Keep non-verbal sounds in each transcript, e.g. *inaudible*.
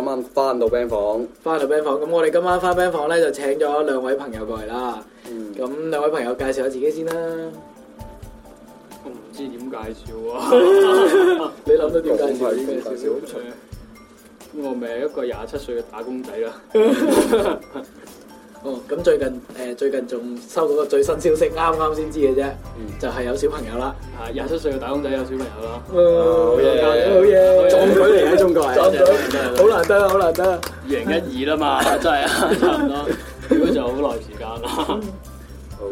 今晚翻到 band 房，翻到 band 房，咁我哋今晚翻 band 房咧就請咗兩位朋友過嚟啦。咁兩、嗯、位朋友介紹下自己先啦。我唔知點介紹啊！ *laughs* 你諗到點介紹？解醜我咪一個廿七歲嘅打工仔啦。 *laughs* *laughs* *laughs* 哦，咁最近。最近仲收到個最新消息，啱啱先知嘅啫，就係有小朋友啦，廿七歲嘅打工仔有小朋友啦，好嘢，好嘢，撞鬼嚟嘅中國人，好難得，好難得，二零一二啦嘛，真係啊，差唔多，如果仲有好耐時間啦。好，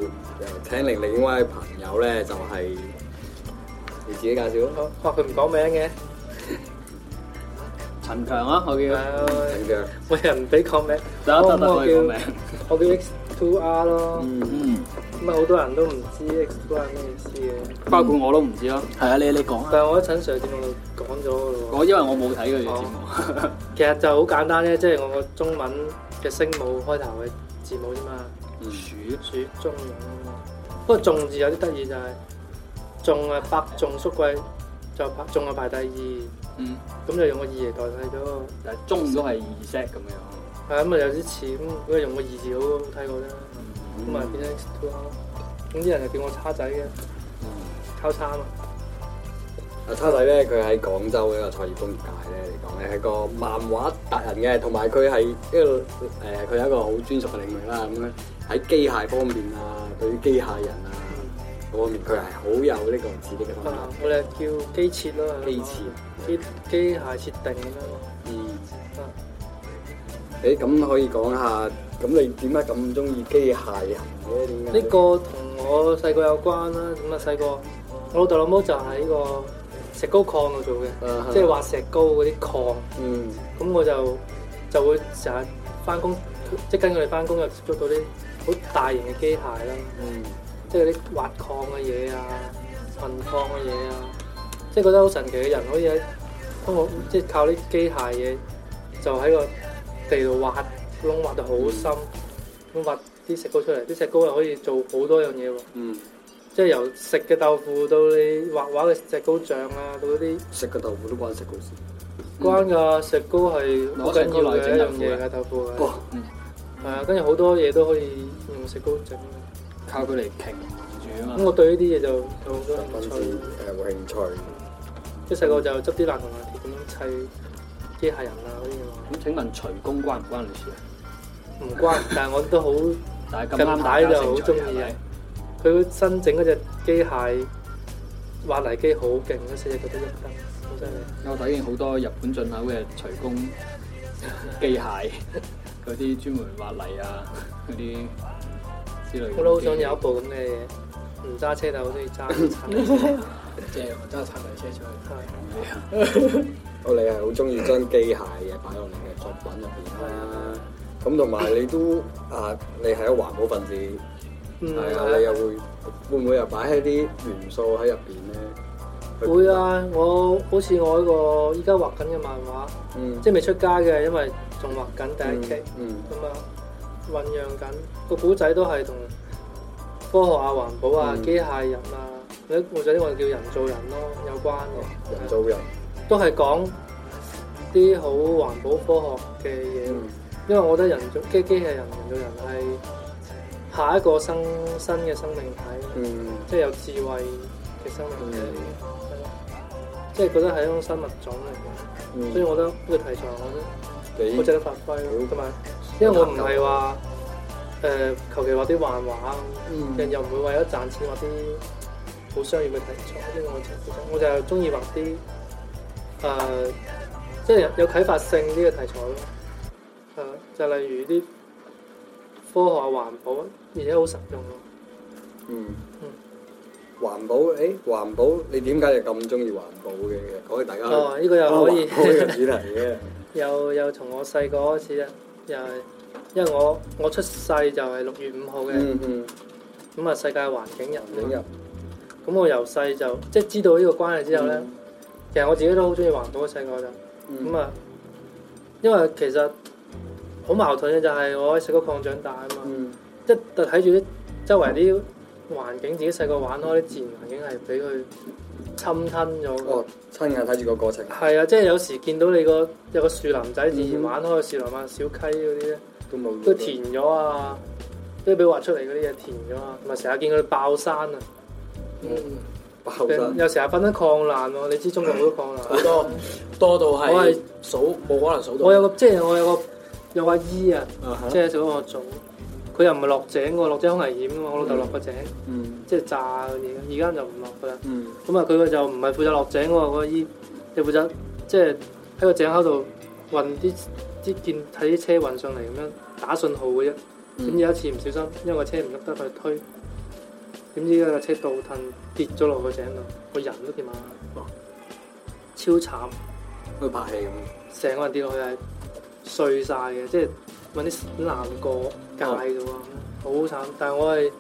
請嚟另外一位朋友咧，就係你自己介紹咯，哇，佢唔講名嘅，陳強啊，我叫陳強，我又唔俾講名，得得得，我叫，我叫。Two R 咯，咁啊好多人都唔知 X2R 係咩意思嘅，包括我都唔知咯。係、嗯、啊，你你講啊。但係我一陣上 Sir 節目講咗咯。我因為我冇睇佢嘅節目。其實就好簡單啫，即、就、係、是、我個中文嘅聲母開頭嘅字母啫嘛。鼠鼠主中文，中文嘛。不過仲字有啲得意就係仲啊伯仲叔季，就仲啊排第二。嗯。咁就用二嚟代替咗。但係中都係二聲咁樣。係咁啊，有啲似咁，佢用個二字好好睇過啦，咁啊變咗，X Two 總之人係叫我叉仔嘅。嗯，叉啊上！阿叉仔咧，佢喺廣州嘅一個創業工業界咧嚟講咧係個漫畫達人嘅，同埋佢係一個誒，佢、呃、係一個好專屬嘅領域啦。咁樣喺機械方面啊，對於機械人啊嗰、嗯、方面，佢係好有呢個自己嘅。我哋叫機設啦，機設機機、嗯、械設定咯。誒咁可以講下，咁你點解咁中意機械呀？呢個同我細個有關啦。咁啊，細個我老豆老母就喺個石膏礦度做嘅，即係挖石膏嗰啲礦。咁、嗯、我就就會成日翻工，即、就、係、是、跟佢哋翻工又接觸到啲好大型嘅機械啦。即係啲挖礦嘅嘢啊，運礦嘅嘢啊，即、就、係、是、覺得好神奇嘅，人可以喺通過即係靠啲機械嘢就喺個地度挖窿挖到好深，咁挖啲石膏出嚟，啲石膏又可以做好多樣嘢喎。嗯，即係由食嘅豆腐到你畫畫嘅石膏像啊，到啲食嘅豆腐都關石膏事。關噶，石膏係好重要嘅一樣嘢嘅豆腐。嗯，係啊，跟住好多嘢都可以用石膏整。靠佢嚟擎住啊嘛。咁我對呢啲嘢就有好多興趣，誒，興趣。即係細個就執啲爛銅爛鐵咁樣砌。機械人啦、啊，嗰啲咁。請問徐工關唔關你事啊？唔關，但係我都好 *laughs* 但咁近排就好中意啊！佢、嗯、新整嗰隻機械挖泥機好勁，四隻腳得一級，真係。我睇見好多日本進口嘅徐工機械，嗰啲專門挖泥啊，嗰啲之類。 *laughs* 我都好想有一部咁嘅，唔揸車但好中意揸。即係我揸鏟泥車出去。你係好中意將機械嘅擺落你嘅作品入邊啦，咁同埋你都啊，你係一個環保分子，係、嗯、係啊，你又會會唔會又擺喺啲元素喺入邊咧？會啊！我好似我一個依家畫緊嘅漫畫，嗯、即係未出街嘅，因為仲畫緊第一期，咁啊、嗯，醖釀緊個古仔都係同科學啊、環保啊、嗯、機械人啊，或者啲我叫人造人咯有關嘅人造人、啊。啊都係講啲好環保科學嘅嘢，嗯、因為我覺得人機機器人、人對人係下一個生新嘅生命體，嗯、即係有智慧嘅生命體，嗯、即係覺得係一種生物種嚟嘅。嗯、所以我覺得呢個題材，我覺得好值得發揮，同埋、嗯、因為我唔係話誒求其畫啲幻畫人，又唔會為咗賺錢畫啲好商業嘅題材，啲愛情劇，我就係中意畫啲。誒、呃，即係有啟發性呢個題材咯，係、呃、就例如啲科學啊、環保，而且好實用咯。嗯。嗯。環保誒，環、欸、保你點解又咁中意環保嘅？可以大家看看。哦，呢、這個又可以。好嘅主題嘅，又又，從我細個開始啦，又係，因為我我出世就係六月五號嘅，咁啊、嗯嗯、世界環境日，咁、嗯嗯、我由細就即係知道呢個關係之後咧。嗯其實我自己都好中意環保嘅世界嘅，咁啊、嗯，因為其實好矛盾嘅就係我喺石礦場長大啊嘛，即係睇住啲周圍啲環境，自己細個玩開啲自然環境係俾佢侵吞咗。哦，親眼睇住個過程。係啊，即係有時見到你個有個樹林仔自然玩開，樹林啊、嗯、小溪嗰啲都冇，都填咗啊，都俾挖出嚟嗰啲嘢填咗啊，同埋成日見佢爆山啊。嗯。嗯。有成日瞓得礦難喎，你知中國好多礦難、啊，好多 *laughs* 多到係我係數冇可能數到。我有個即係我有個有個姨啊，uh huh. 即係做我組，佢又唔係落井喎，落井好危險㗎嘛。我老豆落個井，mm hmm. 即係炸嘅嘢。而家就唔落㗎喇。咁、mm hmm. 啊，佢就唔係負責落井喎，我姨就負責即係喺個井口度運啲啲件，睇啲車運上嚟咁樣打信號嘅。咁有一次唔小心，因為個車唔喐得，去推。點知個車倒騰跌咗落個井度，個人都點啊？哇！超慘。去拍戲咁。成個人跌落去係碎晒嘅，即係揾啲難過界嘅喎，啊、好慘。但係我係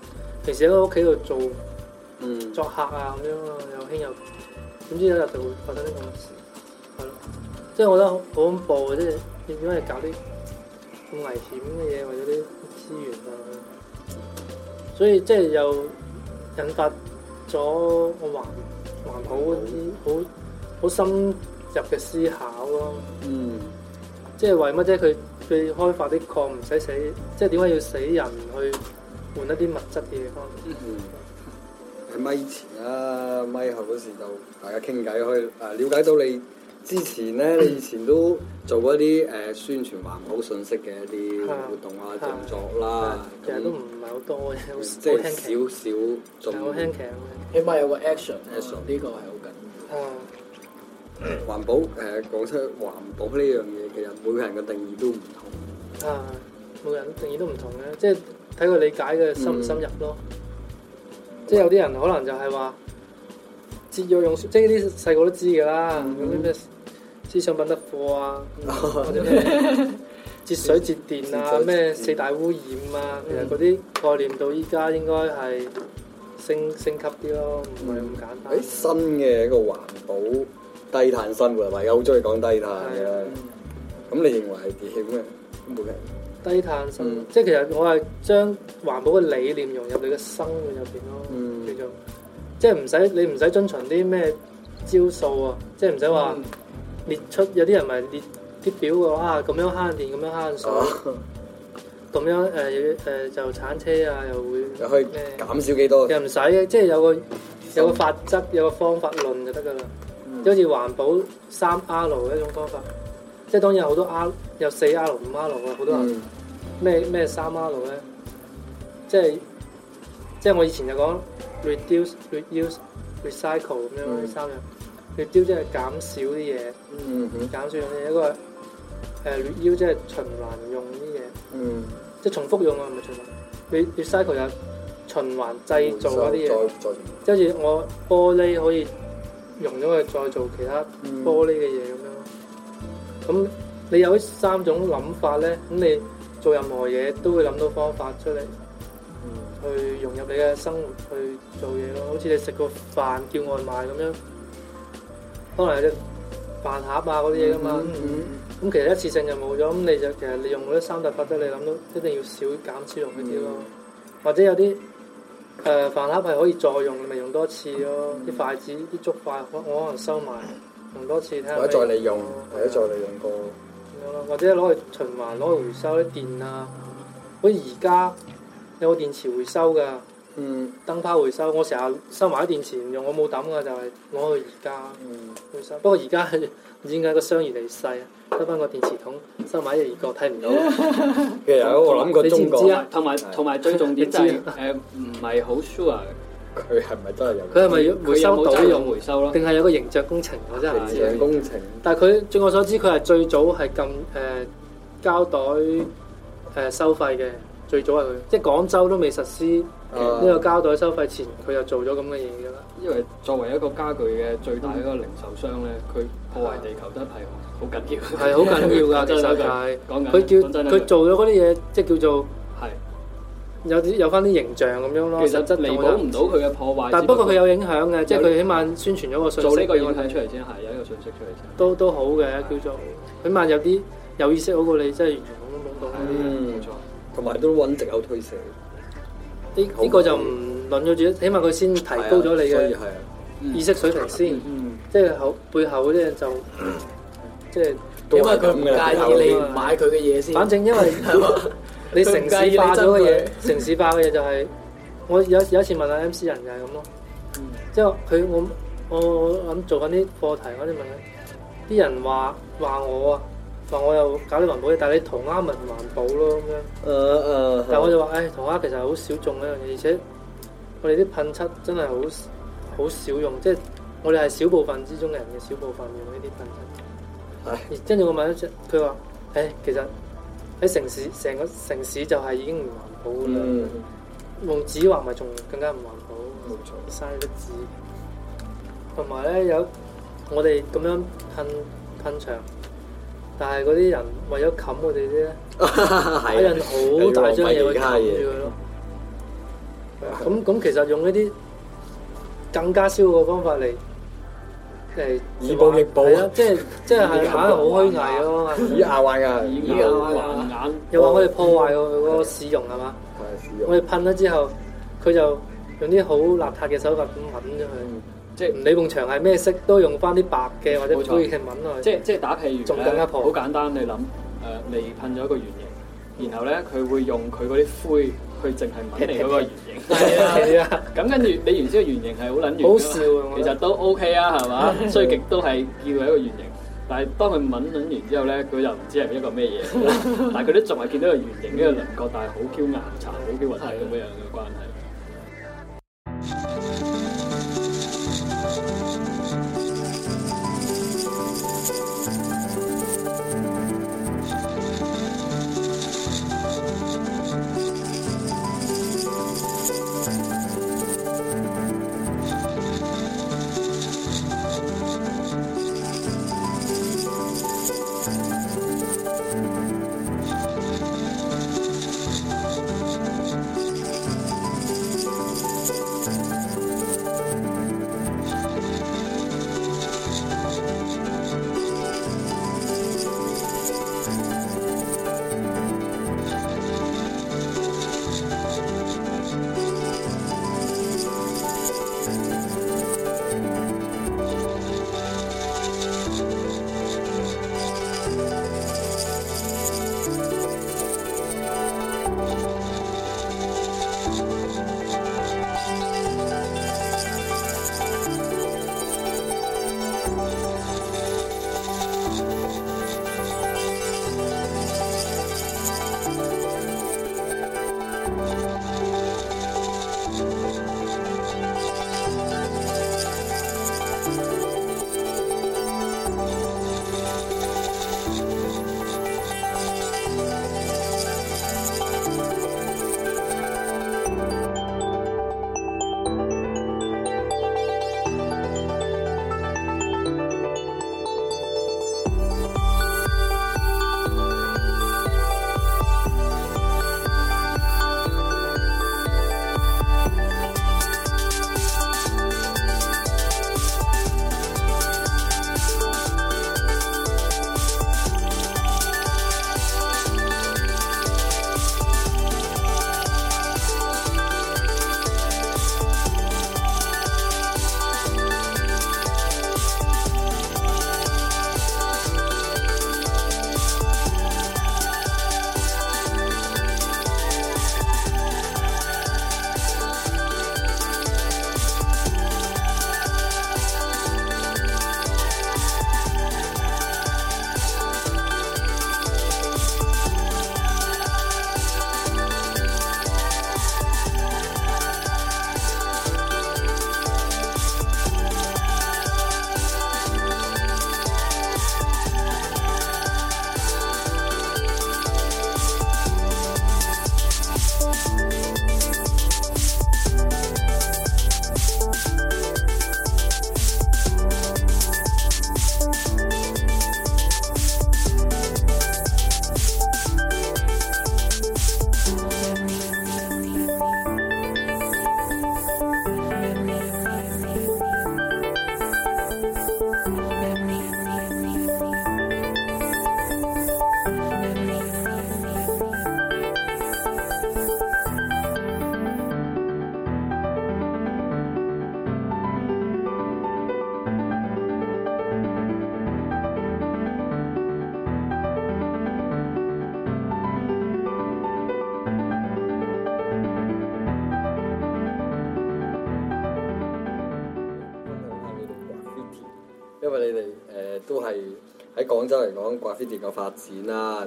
平時喺屋企度做作、嗯、客啊咁樣又輕又點知有一日就會發生啲咁嘅事，係咯。即係我覺得好恐怖，即係點解係搞啲咁危險嘅嘢，為咗啲資源啊。所以即係又。引發咗我環環保啲好好深入嘅思考咯、啊，嗯，即係為乜啫？佢佢開發啲礦唔使死，即係點解要死人去換一啲物質嘅嘢翻嚟？嗯，咪 *laughs* 前啦、啊，咪後嗰時就大家傾偈可以啊，瞭解到你。之前咧，你以前都做過一啲誒宣傳環保信息嘅一啲活動啊、動作啦，其實都唔係好多嘅，即係少少做，好聽劇，起碼有個 action，action 呢個係好緊要。環保誒講出環保呢樣嘢，其實每個人嘅定義都唔同。啊，每個人定義都唔同嘅，即係睇佢理解嘅深唔深入咯。即係有啲人可能就係話節約用，即係呢啲細個都知㗎啦，嗰啲咩？啲商品得貨啊，或者咩節水節電啊，咩四大污染啊，嗯、其實嗰啲概念到依家應該係升升級啲咯，唔係咁簡單。誒、欸，新嘅一個環保低碳生活係咪？有好鍾意講低碳嘅，咁你認為係點嘅？咩？冇嘅。低碳生活，即係其實我係將環保嘅理念融入你嘅生活入邊咯，叫做、嗯、即係唔使你唔使遵循啲咩招數啊，即係唔使話。列出有啲人咪列啲表嘅話，啊，咁樣慳電，咁樣慳水，咁 *laughs* 樣，誒、呃，誒就鏟車啊，又會，又可以減少幾多，又唔使嘅，即係有個有個法則，有個方法論就得噶啦。好似環保三 R 一種方法，即係當然有好多 R 有四 R 五 R 啊，好多人，咩咩三 R 咧，即係即係我以前就講 reduce reuse recycle 咁樣三樣。嗯劣雕即係減少啲嘢，減、mm hmm. 少啲嘢。一個誒，劣雕即係循環用啲嘢，mm hmm. 即係重複用啊，唔係循環。劣劣 cycle 又循環製造一啲嘢，即係我玻璃可以用咗佢再做其他玻璃嘅嘢咁樣。咁你有三種諗法咧，咁你做任何嘢都會諗到方法出嚟，mm hmm. 去融入你嘅生活去做嘢咯。好似你食個飯叫外賣咁樣。可能有啲飯盒啊嗰啲嘢㗎嘛，咁、嗯嗯、其實一次性就冇咗，咁你就其實利用嗰啲三大法則你諗到一定要少減少用嗰啲咯，嗯、或者有啲誒飯盒係可以再用，咪用多次咯，啲、嗯、筷子啲竹筷我，我可能收埋用多次，或者再利用，啊、的或者再利用過，或者攞去循環，攞去回收啲電啊，好似而家有個電池回收㗎。嗯，燈泡回收，我成日收埋啲電池用，我冇膽噶就係攞去而家回收。不過而家唔知點解個箱越嚟越細，收翻個電池桶，收埋一頁角睇唔到。 *laughs* 其實我諗過中國，同埋同埋最重點就係唔係好 sure 佢係咪真係有佢係咪回收到，有有收到用回收咯？定係有個形象工程或者係工程。工程。嗯、但係佢據我所知，佢係最早係禁誒膠袋誒、呃、收費嘅，最早係佢，即係廣州都未實施。呢個膠袋收費前，佢就做咗咁嘅嘢噶啦。因為作為一個家具嘅最大一個零售商咧，佢破壞地球真係好緊要，係好緊要噶。其實係講緊講真啦，佢叫佢做咗嗰啲嘢，即係叫做係有啲有翻啲形象咁樣咯。其實彌補唔到佢嘅破壞，但不過佢有影響嘅，即係佢起碼宣傳咗個信息。做呢個嘢，我睇出嚟先係有一個信息出嚟先，都都好嘅，叫做起碼有啲有意識好過你，真係完全冇懵懂懂。嗯，冇錯，同埋都穩直有推卸。呢呢個就唔諗咗住，嗯、起碼佢先提高咗你嘅意識水平先，嗯嗯、即係後背後嗰啲就 *coughs* 即係是因為佢唔介意你唔 *coughs* 買佢嘅嘢先。反正因為 *coughs* *coughs* 你城市化咗嘅嘢，城市化嘅嘢就係、是、我有有一次問下 MC 人就係咁咯，嗯、即係佢我我諗做緊啲課題嗰啲問佢，啲人話話我啊。嗱，我又搞啲環保嘢，但係你塗鴉咪唔環保咯咁樣。誒誒。但係我就話，誒塗鴉其實好少種一樣嘢，而且我哋啲噴漆真係好好少用，即係我哋係小部分之中嘅人嘅小部分用呢啲噴漆。跟住、uh, 我問一佢話：誒、哎，其實喺城市成個城市就係已經唔環保啦。Uh, 用紙還咪仲更加唔環保？冇錯錯，嘥啲紙。同埋咧有我哋咁樣噴噴牆。但係嗰啲人為咗冚我哋啲咧，有人好大張嘢去冚住佢咯。咁咁 instagram 其實用一啲更加燒嘅方法嚟嚟以暴力暴啊！即即係硬係好虛偽咯，以牙還牙，以牙還牙，又話我哋破壞佢個市容係嘛？我哋噴咗之後，佢就用啲好邋遢嘅手法咁冚咗佢。即係唔理棟牆係咩色，都用翻啲白嘅或者灰嘅粉啊！即係即係打戲完咧，好簡單你諗，誒未噴咗一個圓形，然後咧佢會用佢嗰啲灰去淨係抿嚟嗰個圓形。係啊，咁跟住你原先個圓形係好撚圓，好笑啊，其實都 OK 啊，係嘛？所以極都係叫佢一個圓形，但係當佢抿撚完之後咧，佢就唔知係一個咩嘢。但係佢都仲係見到個圓形，呢個輪廓，但係好 Q 岩茶，好 Q 雲彩咁樣嘅關係。Fit 嘅發展啦，誒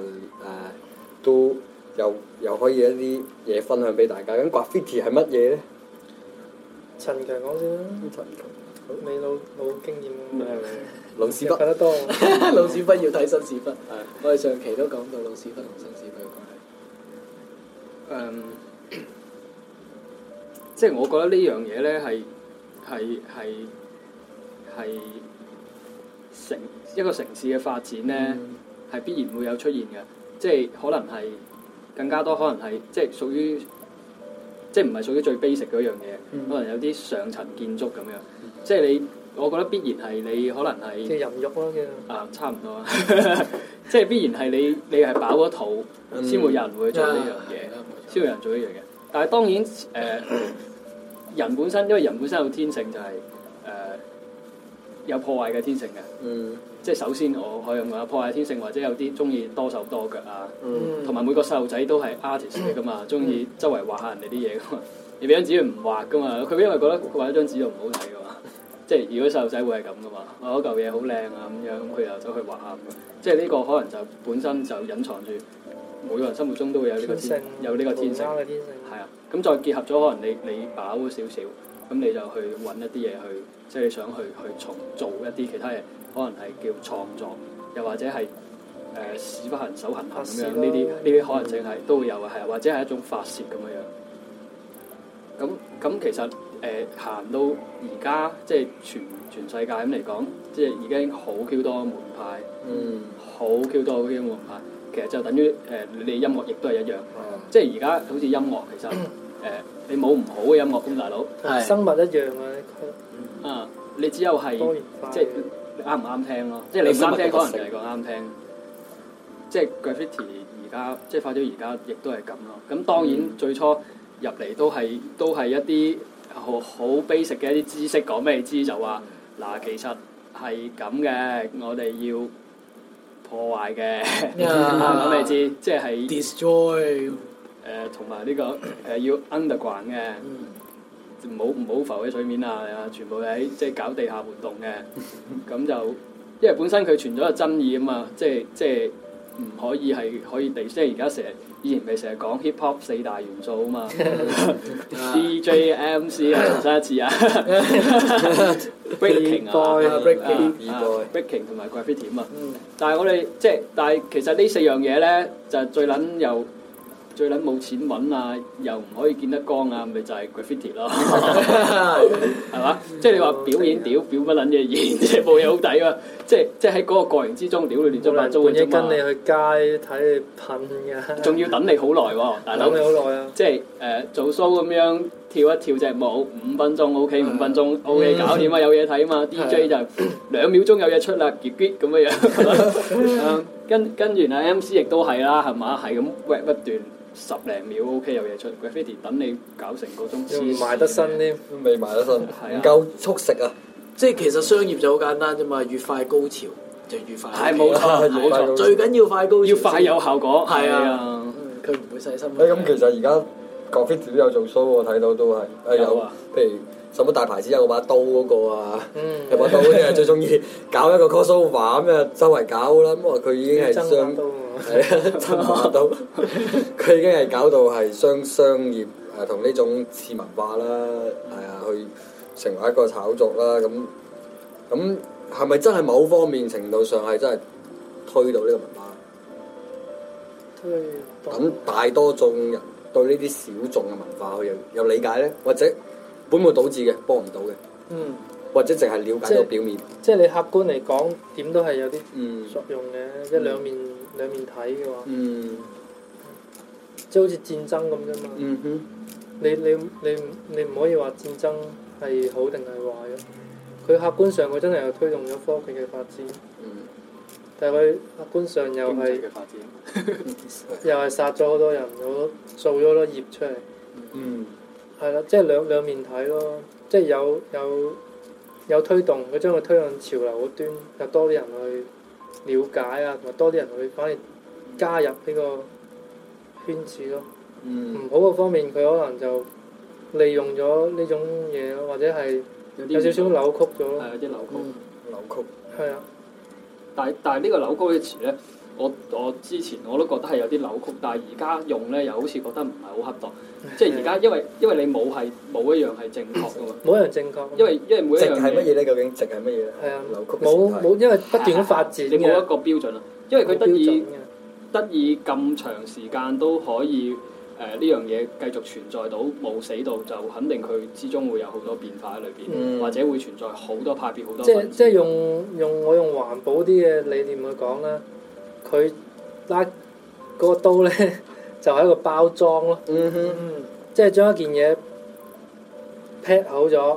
都又又可以一啲嘢分享俾大家。咁掛 Fit 係乜嘢咧？陳強講先啦，你老老經驗係咪？老屎忽睇得多，老屎忽要睇新屎忽。我哋上期都講到老屎忽同新屎忽嘅關係。誒，即係我覺得呢樣嘢咧，係係係係。城一個城市嘅發展咧，係必然會有出現嘅，即係可能係更加多，可能係即係屬於，即係唔係屬於最 basic 嗰樣嘢，可能有啲上層建築咁樣，即係你，我覺得必然係你可能係，即係人肉咯，啊，差唔多，即係必然係你，你係飽咗肚先會有人會做呢樣嘢，先會有人做呢樣嘢，但係當然誒，人本身因為人本身好天性就係。有破壞嘅天性嘅，嗯、即係首先我可以咁講，破壞天性或者有啲中意多手多腳啊，同埋、嗯、每個細路仔都係 artist 嚟噶嘛，中意周圍畫下人哋啲嘢噶嘛， *laughs* 你俾張紙佢唔畫噶嘛，佢因為覺得佢畫張紙又唔好睇噶嘛，即係如果細路仔會係咁噶嘛，我嗰嚿嘢好靚啊咁、啊、樣，咁佢又走去畫下。即係呢個可能就本身就隱藏住每個人心目中都會有呢個天性，有呢個天性，係啊，咁再結合咗可能你你飽少少。咁你就去揾一啲嘢去，即係想去去重做一啲其他嘢，可能係叫創作，又或者係誒使翻人手行行咁樣，呢啲呢啲可能性係都會有嘅，係、嗯、或者係一種發泄咁樣。咁咁其實誒行到而家，即係全全世界咁嚟講，即係已經好 Q 多門派，嗯，好 Q 多 Q 門派，其實就等於誒你音樂亦都係一樣，嗯、即係而家好似音樂其實。 *coughs* 誒，你冇唔好嘅音樂公大佬，生物一樣啊！啊，你只有係即係啱唔啱聽咯，即係你啱聽可能就係個啱聽，即係 Graffiti 而家即係發展而家亦都係咁咯。咁當然最初入嚟都係都係一啲好好 basic 嘅一啲知識，講咩知就話嗱，其實係咁嘅，我哋要破壞嘅，咁你知即係 destroy。誒同埋呢個誒要 underground 嘅，唔好唔好浮喺水面啊！全部喺即係搞地下活動嘅，咁就因為本身佢存咗個爭議啊嘛，即係即係唔可以係可以地，即係而家成日以前咪成日講 hip hop 四大元素啊嘛，DJ MC 啊，再一次啊，Breaking 啊，Breaking 二代，Breaking 同埋 Graffiti 啊，但係我哋即係但係其實呢四樣嘢咧就最撚有～最撚冇錢揾啊，又唔可以見得光啊，咪就係 graffiti 咯，係嘛？即係你話表演屌表乜撚嘢即嘢，冇嘢好睇啊！即係即係喺嗰個過程之中，屌你。亂七八糟嘅啫嘛。跟你去街睇你噴仲要等你好耐喎，大佬。等你好耐啊！即係誒做 show 咁樣跳一跳隻舞，五分鐘 OK，五分鐘 OK，搞掂啊！有嘢睇啊嘛，DJ 就兩秒鐘有嘢出啦，傑傑咁樣。跟跟住啊，MC 亦都係啦，係嘛？係咁 work 不斷。十零秒 OK 有嘢出，Graffiti 等你搞成個鐘，賣得新咧，未賣得新，唔 *laughs* 對、啊、夠速食啊！即係其實商業就好簡單啫嘛，越快高潮就越快，係冇錯冇錯，最緊要快高潮，要快，高要快有效果，係 *laughs* 對啊、嗯，佢唔會細心、啊。誒咁其實而家 Graffiti 都有做 show 我睇到都係，誒有譬、啊、如。什麼大牌子有把刀嗰個啊？嗯，把刀嗰啲最中意搞一個 cosova、so、咁啊，周圍搞啦。咁啊，佢已經係雙，係啊，真把 *laughs* *laughs* 加刀。佢 *laughs* 已經係搞到係雙商業，誒同呢種次文化啦，係啊，啊，去成為一個炒作啦。咁咁係咪真係某方面程度上係真係推到呢個文化？推動。咁大多眾人對呢啲小眾嘅文化，去有又理解咧，或者？本末倒置嘅，幫唔到嘅。嗯。或者淨係了解到表面。即係你客觀嚟講，都點都係有啲作用嘅，即係、嗯、兩面、嗯、兩面睇嘅話。嗯。即係好似戰爭咁啫嘛。嗯哼。你你你你唔可以話戰爭係好定係壞嘅。佢客觀上，佢真係又推動咗科技嘅、嗯、發展。嗯。但係佢客觀上又係。經濟嘅發展。又係殺咗好多人，我做咗好多孽出嚟。嗯。係啦，即係兩兩面睇咯，即係有有有推動，佢將佢推向潮流嘅端，有多啲人去了解啊，同埋多啲人去反而加入呢個圈子咯。嗯、唔好嘅方面，佢可能就利用咗呢種嘢咯，或者係有少少扭曲咗。係有啲扭曲、嗯，扭曲。係啊，但係但係呢個扭曲嘅詞咧。我我之前我都覺得係有啲扭曲，但係而家用咧又好似覺得唔係好恰當，的即係而家因為因為你冇係冇一樣係正確嘅嘛，冇一樣正確。因為因為每一樣係乜嘢咧？究竟值係乜嘢咧？係啊的，扭曲冇冇，因為不斷嘅發展，你冇一個標準啊。因為佢得以得以咁長時間都可以誒呢、呃、樣嘢繼續存在到冇死到，就肯定佢之中會有好多變化喺裏邊，嗯、或者會存在好多派別好多即。即即係用用，用我用環保啲嘅理念去講啦。佢拉嗰個刀咧， *laughs* 就係一個包裝咯。嗯哼、mm，hmm. 即係將一件嘢劈好咗，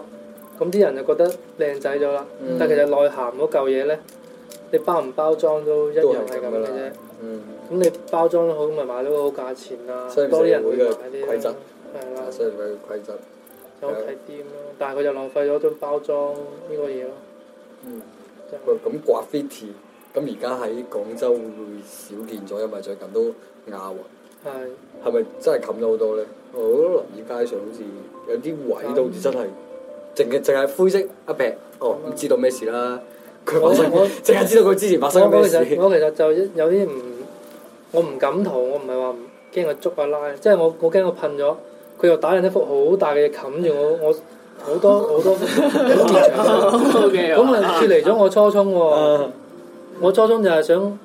咁啲人就覺得靚仔咗啦。Mm hmm. 但係其實內涵嗰嚿嘢咧，你包唔包裝都一樣係咁嘅啫。嗯，咁、mm hmm. 你包裝得好，咪賣到個好價錢啊！多啲人會買啲。規則係啦，所以咪個規則，有睇掂咯。啦但係佢就浪費咗啲包裝呢個嘢咯。嗯，就咁掛 fit。咁而家喺廣州會少見咗，因為最近都亞運。係係咪真係冚咗好多咧？我覺得林業街上好似有啲位到時真係淨係淨係灰色一撇。哦，唔知道咩事啦。佢發生淨係知道佢之前發生咩事。我其實就有啲唔，我唔敢逃。我唔係話唔驚佢捉啊拉，即係我我驚我噴咗。佢又打印一幅好大嘅嘢冚住我，我好多好多。咁啊，脫離咗我初衷喎。我初衷就係想，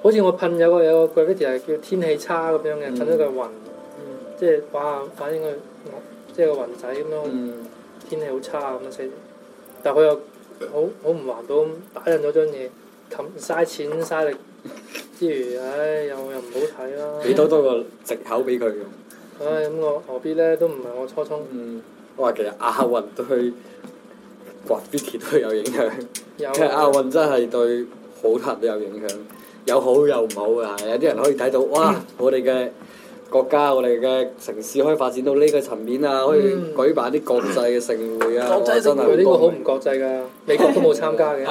好似我噴有個有個 graffiti 係叫天氣差咁樣嘅，噴咗個雲，即係哇反應佢，即係個雲仔咁咯，天氣好差咁樣死。但佢又好好唔環保，打印咗張嘢，冚嘥錢嘥力之餘，唉又又唔好睇啦。俾多多個藉口俾佢用。唉，咁我何必咧？都唔係我初衷。我話其實亞運對 graffiti 都有影響，其實亞運真係對。好大都有影響，有好有唔好嘅係，有啲人可以睇到，哇！我哋嘅國家、我哋嘅城市可以發展到呢個層面啊，可以舉辦啲國際嘅盛會啊。國際盛會呢個好唔國際噶，美國都冇參加嘅。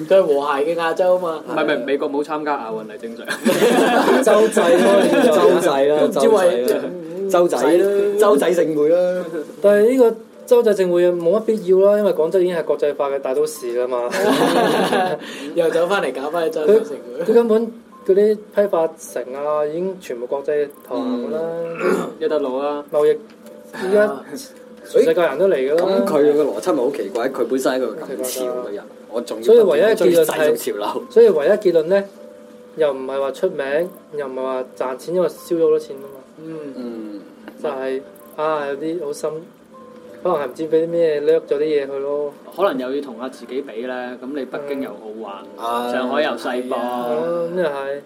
唔對，和諧嘅亞洲啊嘛。唔係唔係，美國冇參加亞運係正常。洲際咯，洲際啦，洲際啦，洲際啦，洲際盛會啦。但係呢個。多際政會冇乜必要啦，因為廣州已經係國際化嘅大都市啦嘛，又走翻嚟搞翻啲州政會。佢根本嗰啲批發城啊，已經全部國際投行啦，一德路啦， *coughs* 貿易依家全世界人都嚟噶啦。咁佢嘅邏輯咪好奇怪？佢本身係一個逆潮嘅人，我仲所， *laughs* 所以唯一結論係潮流。所以唯一結論咧，又唔係話出名，又唔係話賺錢，因為燒咗好多錢啊嘛。嗯嗯， *laughs* 就係啊，有啲好深。可能唔知俾啲咩掠咗啲嘢去咯。可能又要同阿自己比咧，咁你北京又好玩，上海又細噃，咁又係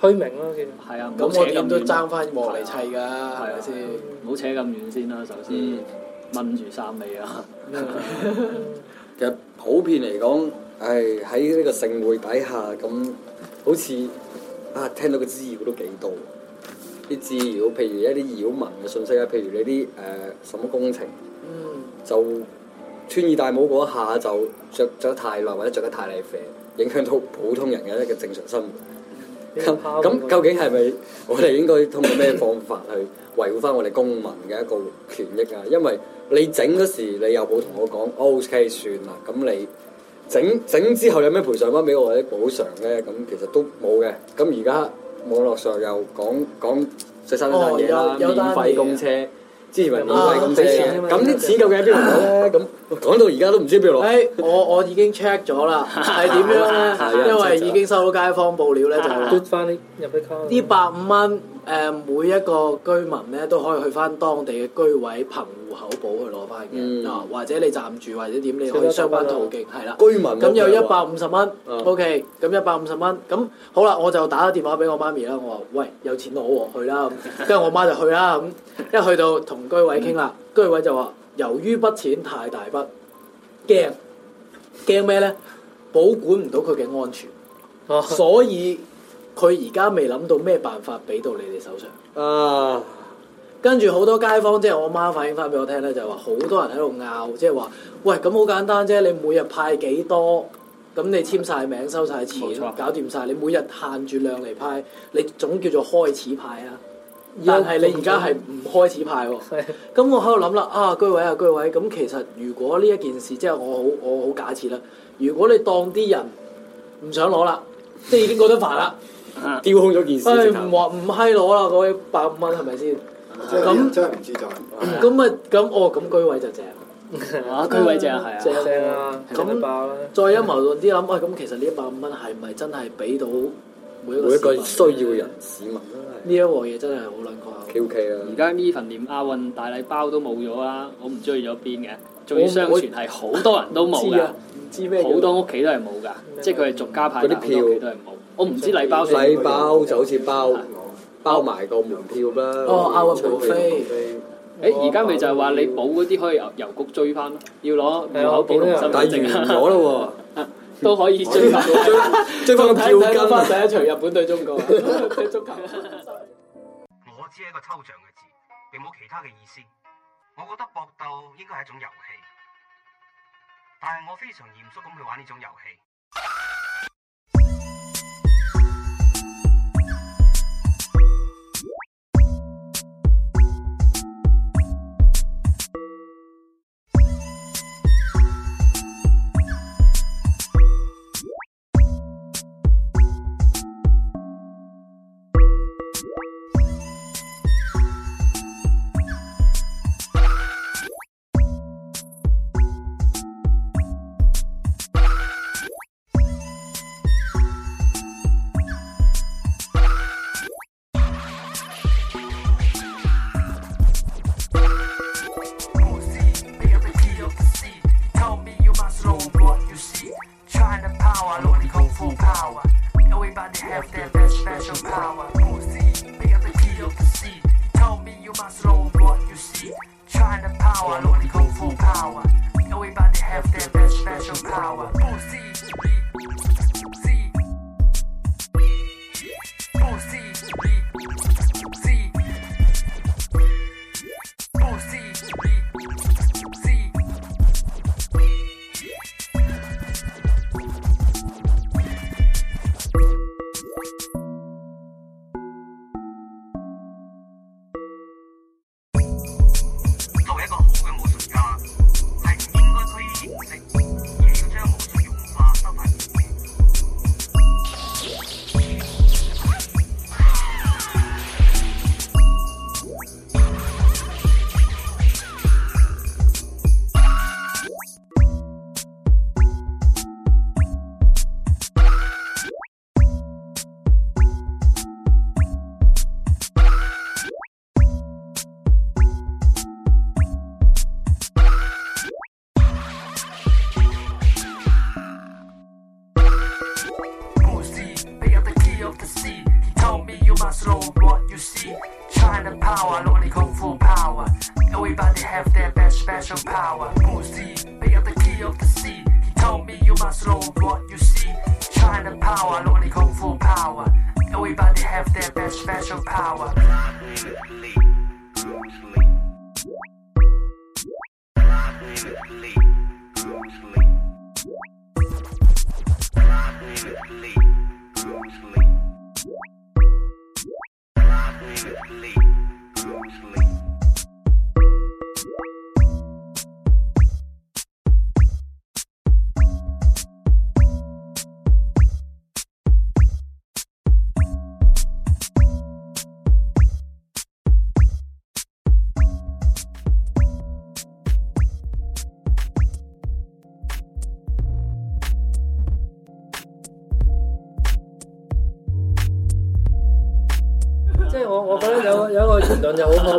虛名咯，其實。係啊，咁咁我點都爭翻磨嚟砌㗎，係咪先？唔好扯咁遠先啦，首先。掹住三味啊！其實普遍嚟講，係喺呢個盛會底下咁，好似啊聽到個滋擾都幾多。啲滋擾，譬如一啲擾民嘅信息啊，譬如你啲誒什麼工程。就穿衣戴帽嗰下就着着得太耐或者着得太靚啡，影響到普通人嘅一個正常生活。咁 *laughs* 究竟係咪我哋應該通過咩方法去維護翻我哋公民嘅一個權益啊？因為你整嗰時你又冇同我講 O K 算啦，咁你整整之後有咩賠償翻俾我或者補償咧？咁其實都冇嘅。咁而家網絡上又講講最新嘅嘢啦，三三三三哦、免費公車。之前咪冇使咁死錢，咁啲錢究竟喺邊度攞咧？咁講到而家都唔知喺邊度攞。誒，我我已經 check 咗啦，係點樣咧？因為已經收到街坊報料咧，就撥翻入啲卡。啲百五蚊。誒每一個居民咧，都可以去翻當地嘅居委憑戶口簿去攞翻嘅，啊、嗯、或者你暫住或者點，你可以相關途徑係啦。嗯、了居民咁、嗯、有一百五十蚊，OK，咁一百五十蚊，咁好啦，我就打電話俾我媽咪啦，我話：喂，有錢攞我去啦，跟住我媽就去啦，咁一去到同居委傾啦，嗯、居委就話：由於筆錢太大筆，驚驚咩咧？保管唔到佢嘅安全，所以。 *laughs* 佢而家未諗到咩辦法俾到你哋手上。啊！Uh, 跟住好多街坊即係我媽反映翻俾我聽咧，就話好多人喺度拗，即係話：喂，咁好簡單啫！你每日派幾多？咁你簽晒名收晒錢，錯搞掂晒，你每日限住量嚟派，你總叫做開始派啊！但係你而家係唔開始派喎。咁我喺度諗啦，啊居委啊居委，咁其實如果呢一件事即係我好我好假設啦，如果你當啲人唔想攞啦，即係已經覺得煩啦。 *laughs* 丟空咗件事，唔話唔嗨攞啦，嗰一百五蚊係咪先？咁真係唔自在。咁啊，咁哦，咁居委就正，居委正係啊，正正啊。冇再一矛盾啲諗，喂，咁其實呢一百五蚊係咪真係俾到每一個需要嘅人？市民呢？一鑊嘢真係好卵過啊。而家呢份年亞運大禮包都冇咗啦，我唔知去咗邊嘅。仲要相傳係好多人都冇噶，知咩？好多屋企都係冇噶，即係佢係逐家派嗰啲票，都係冇。我唔知禮包，禮包就好似包包埋個的門票啦。哦，歐文曹飛，誒而家咪就係話你補嗰啲可以由郵局，哦、追翻咯，要攞戶口補錄身證啊。但而攞咯喎， *laughs* 都可以追翻。 *laughs* 追翻睇唔睇到第一場日本對中國足球 *laughs* *laughs* 我知係一個抽象嘅字，並冇其他嘅意思。我覺得搏鬥應該係一種遊戲，但係我非常嚴肅咁去玩呢種遊戲。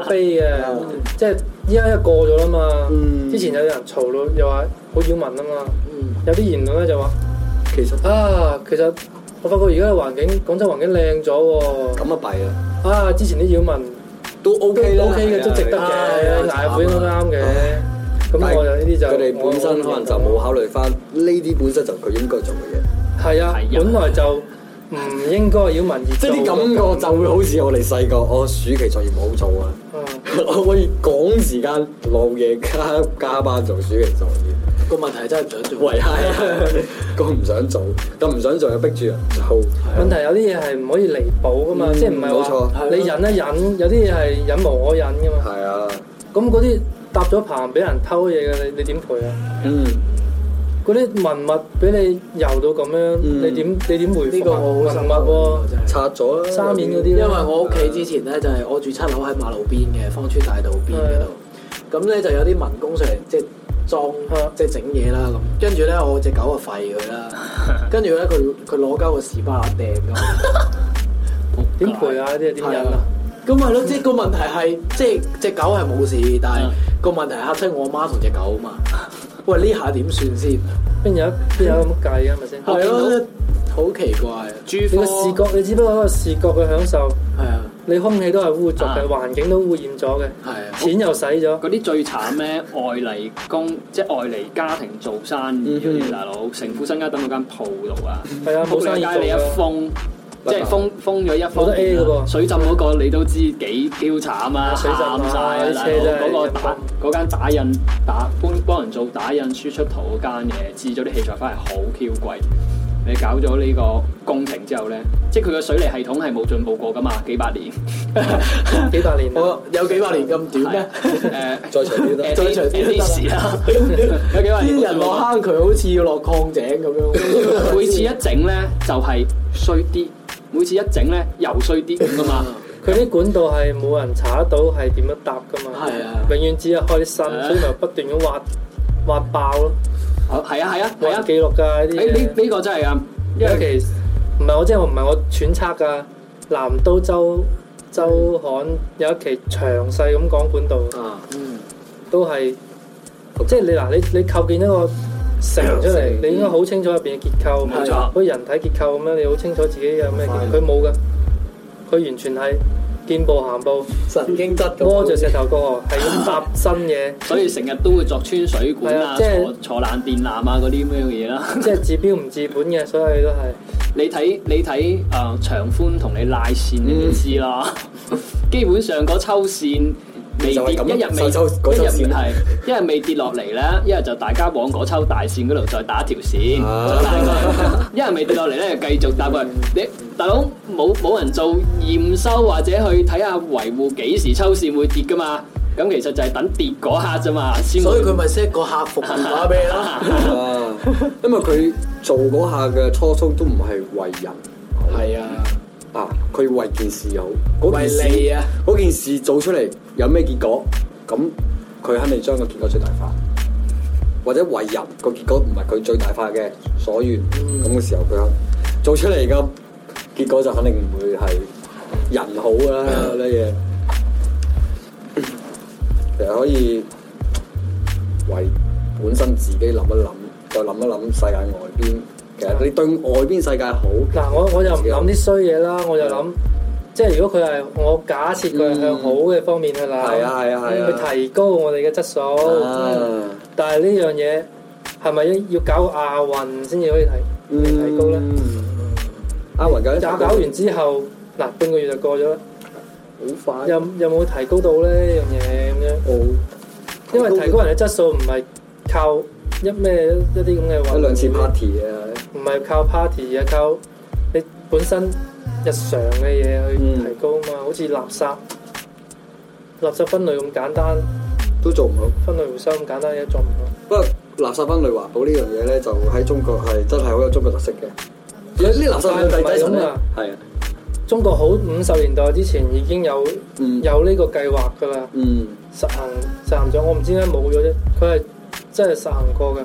悲嘅，即係依家一過咗啦嘛，之前有人嘈到又話好擾民啊嘛，有啲言論咧就話，其實啊其實我發覺而家嘅環境廣州環境靚咗喎，咁啊弊啦，啊之前啲擾民都 OK 啦，OK 嘅都值得嘅，大本都啱嘅，咁我就呢啲就佢哋本身可能就冇考慮翻呢啲本身就佢應該做嘅嘢，係啊，本來就。唔應該擾民，即係啲感覺就會好似我哋細個，我暑期作業冇做啊，我可以趕時間落夜加加班做暑期作業。個問題真係唔想做，喂，係啊，我唔想做，咁唔想做又逼住人做。問題有啲嘢係唔可以彌補噶嘛，即係唔係話冇錯，你忍一忍，有啲嘢係忍無可忍噶嘛。係啊，咁嗰啲搭咗棚俾人偷嘢嘅，你你點賠啊？嗯。嗰啲文物俾你遊到咁樣，你點你點回覆啊？文物拆咗啦，沙面嗰啲。因為我屋企之前咧就係我住七樓喺馬路邊嘅芳村大道邊嗰度，咁咧就有啲民工上嚟即係裝即係整嘢啦。咁跟住咧我隻狗啊吠佢啦，跟住咧佢佢攞膠個屎巴嚟掟咁。點賠啊？呢啲點樣啊？咁係咯，即係個問題係即係隻狗係冇事，但係個問題係嚇親我媽同隻狗啊嘛。喂，呢下點算先？邊有邊有咁計啊？咪先？係咯，好奇怪。你個視覺，你只不過一個視覺嘅享受。係啊，你空氣都係污濁嘅，環境都污染咗嘅。係啊，錢又使咗。嗰啲最慘咩？外嚟工，即係外嚟家庭做生意大佬，成副身家等喺間鋪度啊！係啊，鋪想街你一封。即係封封咗一方，水浸嗰個你都知幾慘啊！水浸晒真嗰打嗰間打印打幫幫人做打印輸出圖嗰間嘢，置咗啲器材翻嚟，好 Q 貴。你搞咗呢個工程之後咧，即係佢個水利系統係冇進步過㗎嘛？幾百年，幾百年，有幾百年咁短咩？誒，再長啲時啦，有幾百年。有人落坑渠好似要落礦井咁樣，每次一整咧就係衰啲。每次一整咧，油衰啲㗎嘛。佢啲管道係冇人查得到係點樣搭㗎嘛。係啊，永遠只係開心，所以咪不斷咁挖挖爆咯。係啊係啊，世界紀錄㗎，呢呢呢個真係㗎，因為其唔係我，即係我唔係我揣測㗎。南都周周刊有一期詳細咁講管道啊，嗯，都係即係你嗱你你靠近一個。成出嚟，你應該好清楚入邊嘅結構，冇錯，好似人體結構咁樣，你好清楚自己有咩結構。佢冇㗎，佢完全係健步行步、神經質，摸着石頭過，係咁搭新嘢。所以成日都會鑿穿水管啊、坐坐爛電纜啊嗰啲咁樣嘢啦。即係治標唔治本嘅，所以都係。你睇你睇誒長寬同你拉線呢件事啦。基本上嗰抽線。未跌，一日未，一日算係，一日未跌落嚟咧，一日就大家往嗰抽大線嗰度再打條線。一日未跌落嚟咧，繼續答佢。你大佬冇冇人做驗收或者去睇下維護幾時抽線會跌噶嘛？咁其實就係等跌嗰下啫嘛。所以佢咪 set 個客服電話俾你咯。因為佢做嗰下嘅初衷都唔係為人，係啊。啊！佢為件事好嗰件事為你啊。嗰件事做出嚟有咩結果？咁佢肯定將個結果最大化，或者為人，個結果唔係佢最大化嘅所願，咁嘅、嗯、時候佢做出嚟嘅結果就肯定唔會係人好啦呢嘢，其實可以為本身自己諗一諗，再諗一諗世界外邊。其實你對外邊世界好。嗱，我我又唔諗啲衰嘢啦，我就諗，即係如果佢係我假設佢係向好嘅方面去啦，係啊係啊係，去提高我哋嘅質素。但係呢樣嘢係咪要搞亞運先至可以提提高咧？亞運搞一搞，搞完之後，嗱，半個月就過咗啦，好快。有有冇提高到咧？呢樣嘢咁樣？哦，因為提高人嘅質素唔係靠。一咩一啲咁嘅話，一兩次 party 啊，唔係靠 party 啊，靠你本身日常嘅嘢去提高嘛。嗯、好似垃圾，垃圾分類咁簡單，都做唔好。分類回收咁簡單，又做唔好。不過垃圾分類環保呢樣嘢咧，就喺中國係真係好有中國特色嘅。而家垃圾分類係咁啊，係啊，的中國好五十年代之前已經有、嗯、有呢個計劃噶啦，嗯實，實行實行咗，我唔知點解冇咗啫，佢係。真係實行過嘅，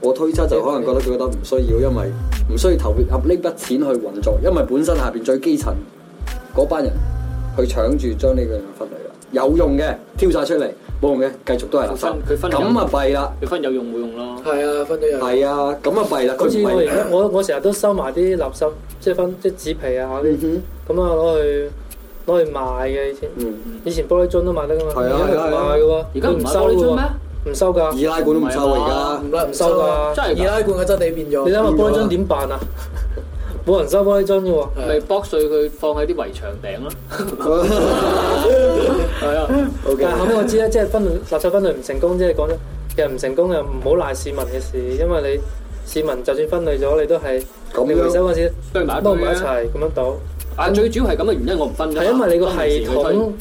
我推測就可能覺得佢覺得唔需要，因為唔需要投入呢筆錢去運作，因為本身下邊最基層嗰班人去搶住將呢個分嚟啦，有用嘅挑晒出嚟，冇用嘅繼續都係分。咁咪弊啦。佢分有用冇用咯？係啊，分到有用。係啊，咁咪弊啦。好似我我成日都收埋啲垃圾，即係分啲紙皮啊，咁啊攞去攞去賣嘅以前，以前玻璃樽都賣得噶嘛，而家唔賣嘅喎，而家唔收唔收噶，易拉罐都唔收啊！而家唔啦，唔收噶。真係易拉罐嘅質地變咗。你諗下玻璃樽點辦啊？冇人收玻璃樽嘅，咪剝碎佢放喺啲圍牆頂咯。係啊，但係後屘我知啦，即係分垃圾分類唔成功，即係講咗，其實唔成功又唔好賴市民嘅事，因為你市民就算分類咗，你都係你回收翻先，堆埋一齊咁樣倒。但最主要係咁嘅原因，我唔分。係因為你個系統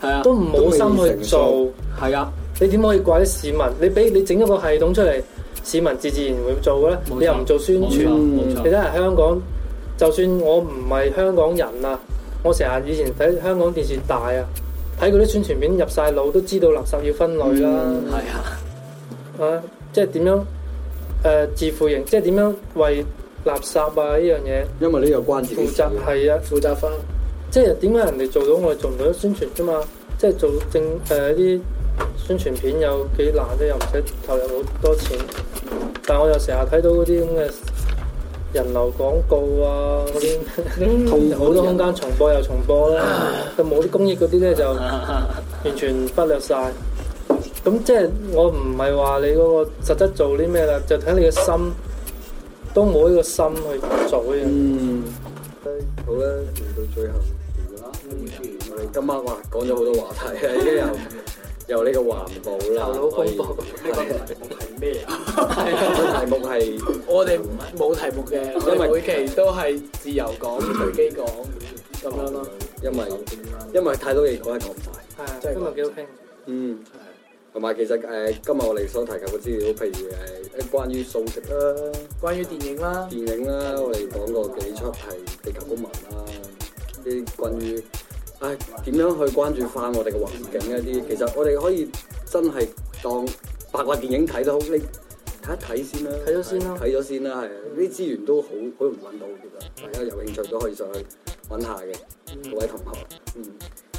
係啊，都唔好心去做，係啊。你點可以怪啲市民？你俾你整一個系統出嚟，市民自自然會做嘅咧。錯你又唔做宣傳？你睇下香港，就算我唔係香港人啊，我成日以前睇香港電視大啊，睇佢啲宣傳片入晒腦，都知道垃圾要分類啦。係啊、嗯，啊，即係點樣誒、呃、自負型？即係點樣為垃圾啊？呢樣嘢，因為呢個關自己責。負責係啊，負責翻，即係點解人哋做到我，我哋做唔到？宣傳啫嘛，即係做正誒啲。呃呃宣傳片有幾難啫，又唔使投入好多錢，但我又成日睇到嗰啲咁嘅人流廣告啊，嗰啲用好多空間重播又重播啦，啊。咁冇啲公益嗰啲咧就完全忽略晒。咁即係我唔係話你嗰個實質做啲咩啦，就睇你嘅心，都冇呢個心去做嘅。嗯，好啦，到最後啦，嗯，我哋今晚話講咗好多話題啊，又～ *laughs* *laughs* 有呢個環保啦，頭腦風暴嘅題目係咩啊？個題目係我哋冇題目嘅，我哋每期都係自由講、隨機講咁樣咯。因為因為太多嘢講，係講唔曬。係今日幾好傾？嗯，同埋其實誒，今日我哋想提及嘅資料，譬如誒，一關於素食啦，關於電影啦，電影啦，我哋講過幾出係《地球公民》啦，啲關於。唉，點樣去關注翻我哋嘅環境一啲？其實我哋可以真係當八卦電影睇都好，你睇一睇先啦，睇咗先啦，睇咗是先啦，係啊！呢啲、嗯、資源都好好容易揾到，其實大家有興趣都可以上去揾下嘅，嗯、各位同學，嗯，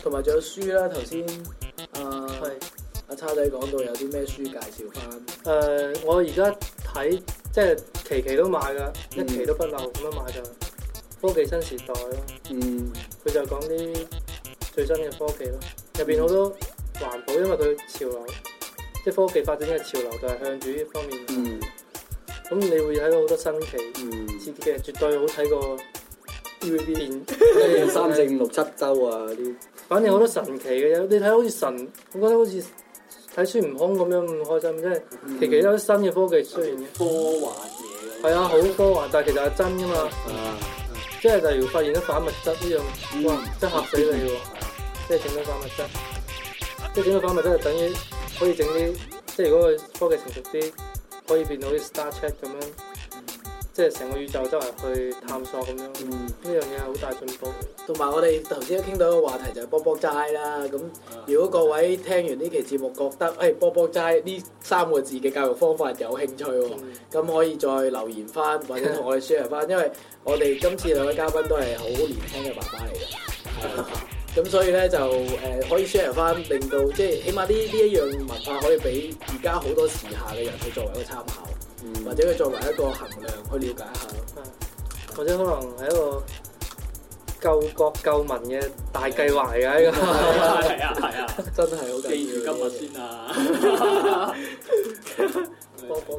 同埋仲有書啦，頭先啊，阿、呃是啊、叉仔講到有啲咩書介紹翻，誒、呃，我而家睇即係期期都買噶，嗯、一期都不漏咁樣買就。科技新時代咯，佢、mm. 就講啲最新嘅科技咯，入邊好多環保，因為佢潮流，即係科技發展嘅潮流就係向住呢方面。咁、mm. 你會睇到好多新奇、刺激，絕對好睇過 TVB。三四五六七周啊，啲。 *laughs* 反正好多神奇嘅嘢。你睇好似神，我覺得好似睇孫悟空咁樣咁開心，即係其其都新嘅科技，雖然科幻嘢。係啊，好科幻，但係其實係真噶嘛。Uh. 即係例如發現咗反物質呢樣哇，嗯、真係嚇死你喎！啊、即係整咗反物質，即係整咗反物質就等於可以整啲，即係如果個科技成熟啲，可以變到啲 Star Check 咁樣。即係成個宇宙周圍去探索咁樣，呢樣嘢係好大進步。同埋我哋頭先都傾到一個話題就係波波齋啦。咁如果各位聽完呢期節目覺得，誒、欸、波波齋呢三個字嘅教育方法有興趣喎，咁、嗯、可以再留言翻或者同我哋 share 翻， *laughs* 因為我哋今次兩位嘉賓都係好年輕嘅爸爸嚟嘅，咁 *laughs* *laughs* 所以咧就誒可以 share 翻，令到即係、就是、起碼呢呢一樣文化可以俾而家好多時下嘅人去作為一個參考。或者佢作為一個衡量去了解下咯，或者可能係一個救國救民嘅大計劃嚟嘅，呢個係啊係啊，真係好記住今日先啊！幫幫我。